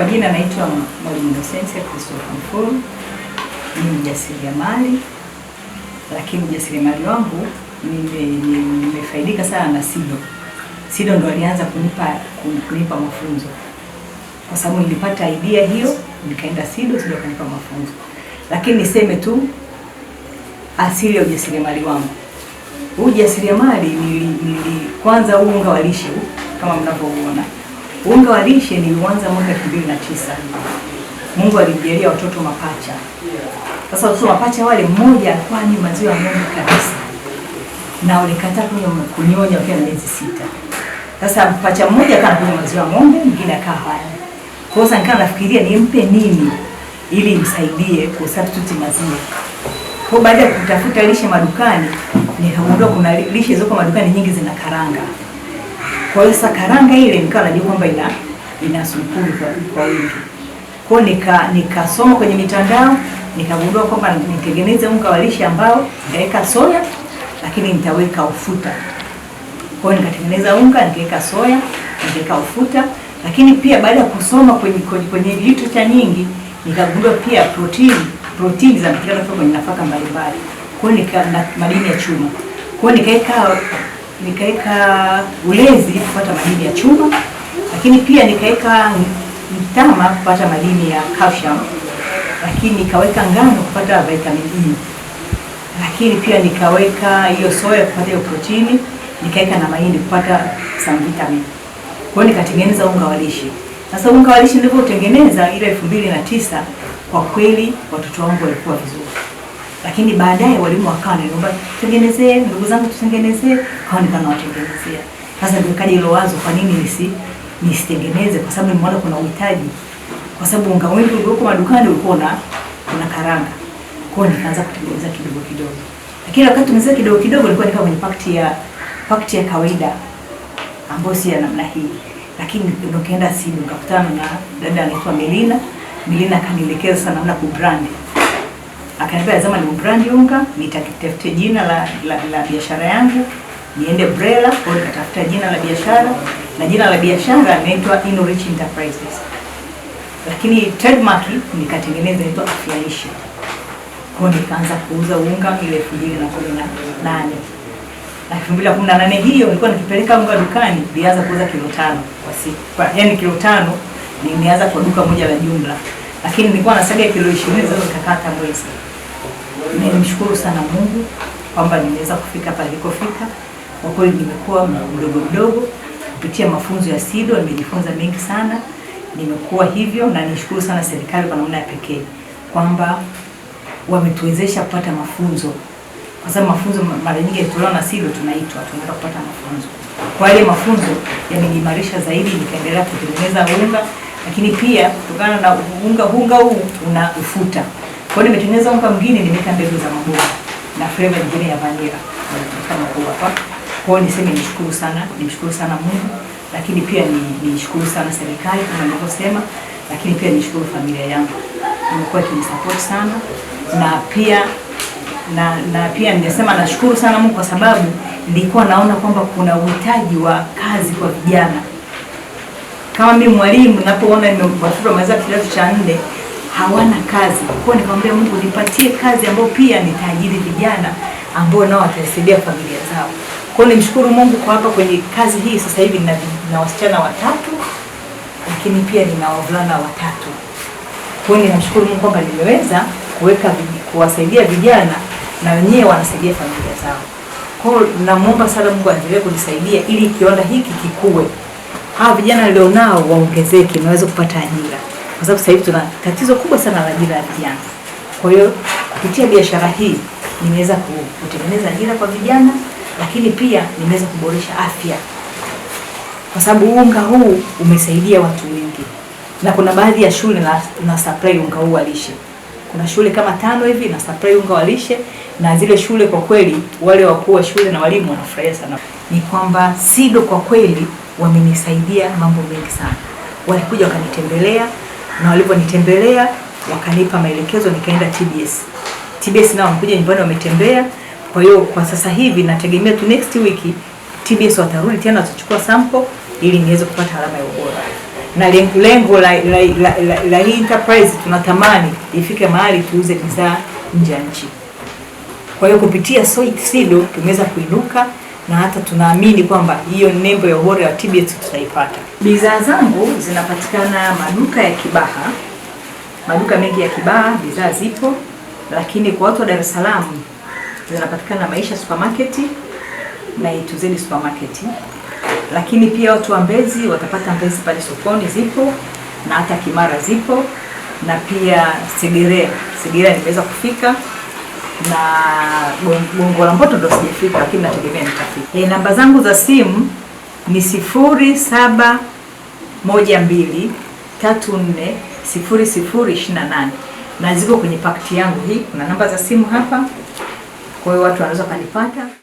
Kwa jina naitwa Mwalimu Innocence Christopher Mfuru, ni mjasiriamali, lakini mjasiriamali wangu nimefaidika sana na SIDO. SIDO ndo alianza kunipa kunipa mafunzo, kwa sababu nilipata idea hiyo, nikaenda SIDO, SIDO kunipa mafunzo. Lakini niseme tu asili ya ujasiriamali wangu, huu ujasiriamali nili, kwanza unga wa lishe kama mnavyoona Unga wa lishe niliuanza mwaka na tisa Mungu alijalia watoto mapacha. Sasa watoto mapacha wale, mmoja alikuwa ni maziwa mengi kabisa na walikataa kunyonya kwa miezi sita. Sasa mpacha mmoja akakunywa maziwa ng'ombe, mwingine akawa haya. Kwa hiyo nikawa nafikiria nimpe nini ili msaidie ku substitute maziwa. Kwa baada ya kutafuta lishe madukani, nikaondoa kuna lishe zoko madukani nyingi zina karanga. Kwa hiyo sasa karanga ile nikawa najua kwamba ina ina sukari kwa Kwa hiyo nika nikasoma kwenye mitandao nikagundua kwamba nitengeneze unga wa lishe ambao nitaweka soya lakini nitaweka ufuta. Kwa hiyo nikatengeneza unga nikaweka soya, nikaweka ufuta, lakini pia baada ya kusoma kwenye kwenye, kwenye literature nyingi nikagundua pia protini protini zinapatikana kwenye nafaka mbalimbali. Kwa hiyo nika madini ya chuma. Kwa hiyo nikaweka nikaweka ulezi kupata madini ya chuma, lakini pia nikaweka mtama kupata madini ya calcium, lakini nikaweka ngano kupata vitamin E, lakini pia nikaweka hiyo soya kupata hiyo protini, nikaweka na mahindi kupata some vitamin. Kwa hiyo nikatengeneza unga wa lishe. Sasa unga wa lishe nilivyotengeneza ile elfu mbili na tisa, kwa kweli watoto wangu walikuwa vizuri lakini baadaye walimu wakawa niomba tutengenezee, ndugu zangu tutengenezee, kawa nikawa watengenezea. Sasa nikaja hilo wazo, kwa nini nisi nisitengeneze? Kwa sababu nimeona kuna uhitaji, kwa sababu unga wengi ulioko madukani ulikuwa na kuna karanga, kwao, nikaanza kutengeneza kidogo kidogo, lakini wakati tumeza kidogo kidogo nilikuwa nikawa kwenye pakiti ya pakiti ya kawaida ambayo si ya namna hii, lakini nikaenda simu nikakutana na dada anaitwa Melina. Melina akanielekeza sana namna kubrand akaniambia lazima ni brand unga, nitakitafute jina la, la, la biashara yangu niende Brela kwa nikatafuta jina la biashara na jina la biashara inaitwa Inrich Enterprises, lakini trademark nikatengeneza inaitwa Afyalishe. Kwa nikaanza kuuza unga ile 2018 na 2018 hiyo nilikuwa nikipeleka unga dukani, nilianza kuuza kilo tano kwa siku, kwa yani kilo tano nimeanza kwa duka moja la jumla, lakini nilikuwa nasaga kilo 20 zilizokakata mwezi Nimemshukuru sana Mungu kwamba nimeweza kufika palipofika. Kwa kweli nimekuwa mdogo mdogo, kupitia mafunzo ya SIDO nimejifunza mengi sana, nimekuwa hivyo, na nishukuru sana serikali kwa namna ya pekee kwamba wametuwezesha kupata mafunzo, kwa sababu mafunzo mara nyingi yakitolewa na SIDO tunaitwa tunaenda kupata mafunzo. Kwa ile mafunzo yameniimarisha zaidi, nikaendelea kutengeneza unga, lakini pia kutokana na unga unga huu una ufuta kwa hiyo nimetengeneza unga mwingine, nimeka mbegu za maboga na flavor nyingine ya vanilla kama maboga hapa. Kwa hiyo niseme nishukuru sana, nimshukuru sana Mungu, lakini pia nishukuru sana serikali kama nilivyosema, lakini pia nishukuru familia yangu imekuwa ikinisupport sana na pia na, na pia ningesema nashukuru sana Mungu kwa sababu nilikuwa naona kwamba kuna uhitaji wa kazi kwa vijana kama mimi mwalimu, napoona nimewafuta wamaliza kidato cha nne hawana kazi. Kwa nikamwambia Mungu nipatie kazi ambayo pia nitaajiri vijana ambao nao watasaidia familia zao. Kwa hiyo nimshukuru Mungu kwa hapa kwenye kazi hii sasa hivi nina, nina wasichana watatu lakini pia nina wavulana watatu. Kwa hiyo ninamshukuru Mungu kwamba nimeweza kuweka kuwasaidia vijana na wenyewe wanasaidia familia zao. Kwa hiyo namuomba sana Mungu aendelee kunisaidia ili kiwanda hiki kikue. Hawa vijana nilionao waongezeke niweze kupata ajira kwa sababu sasa hivi tuna tatizo kubwa sana la ajira ya vijana. Kwa hiyo kupitia biashara hii nimeweza kutengeneza ajira kwa vijana, lakini pia nimeweza kuboresha afya, kwa sababu unga huu umesaidia watu wengi, na kuna baadhi ya shule na, na supply unga huu wa Kuna shule kama tano hivi na supply unga walishe, na zile shule kwa kweli, wale wakuu wa shule na walimu wanafurahia sana. Ni kwamba SIDO kwa kweli wamenisaidia mambo mengi sana, walikuja wakanitembelea na waliponitembelea wakanipa maelekezo, nikaenda TBS. TBS nao wamekuja nyumbani, wametembea. Kwa hiyo kwa sasa hivi nategemea tu next week TBS watarudi tena, watachukua sample ili niweze kupata alama ya ubora, na lengo lengo la, la, la, la, la hii enterprise tunatamani ifike mahali tuuze bidhaa nje ya nchi. Kwa hiyo kupitia SOIT SIDO tumeweza kuinuka na hata tunaamini kwamba hiyo nembo ya ubora wa TBS tutaipata. Bidhaa zangu zinapatikana maduka ya Kibaha, maduka mengi ya Kibaha bidhaa zipo, lakini kwa watu wa Dar es Salaam zinapatikana Maisha Supermarket na Ituzeni Supermarket, lakini pia watu wa Mbezi watapata Mbezi pale sokoni zipo na hata Kimara zipo na pia Segerea. Segerea nimeweza kufika na Gongo la Mboto ndo sijafika, lakini nategemea nitafika. E, eh, namba zangu za simu ni sifuri saba moja mbili tatu nne sifuri sifuri ishirini na nane na ziko kwenye pakti yangu hii. Kuna namba za simu hapa, kwa hiyo watu wanaweza kanipata.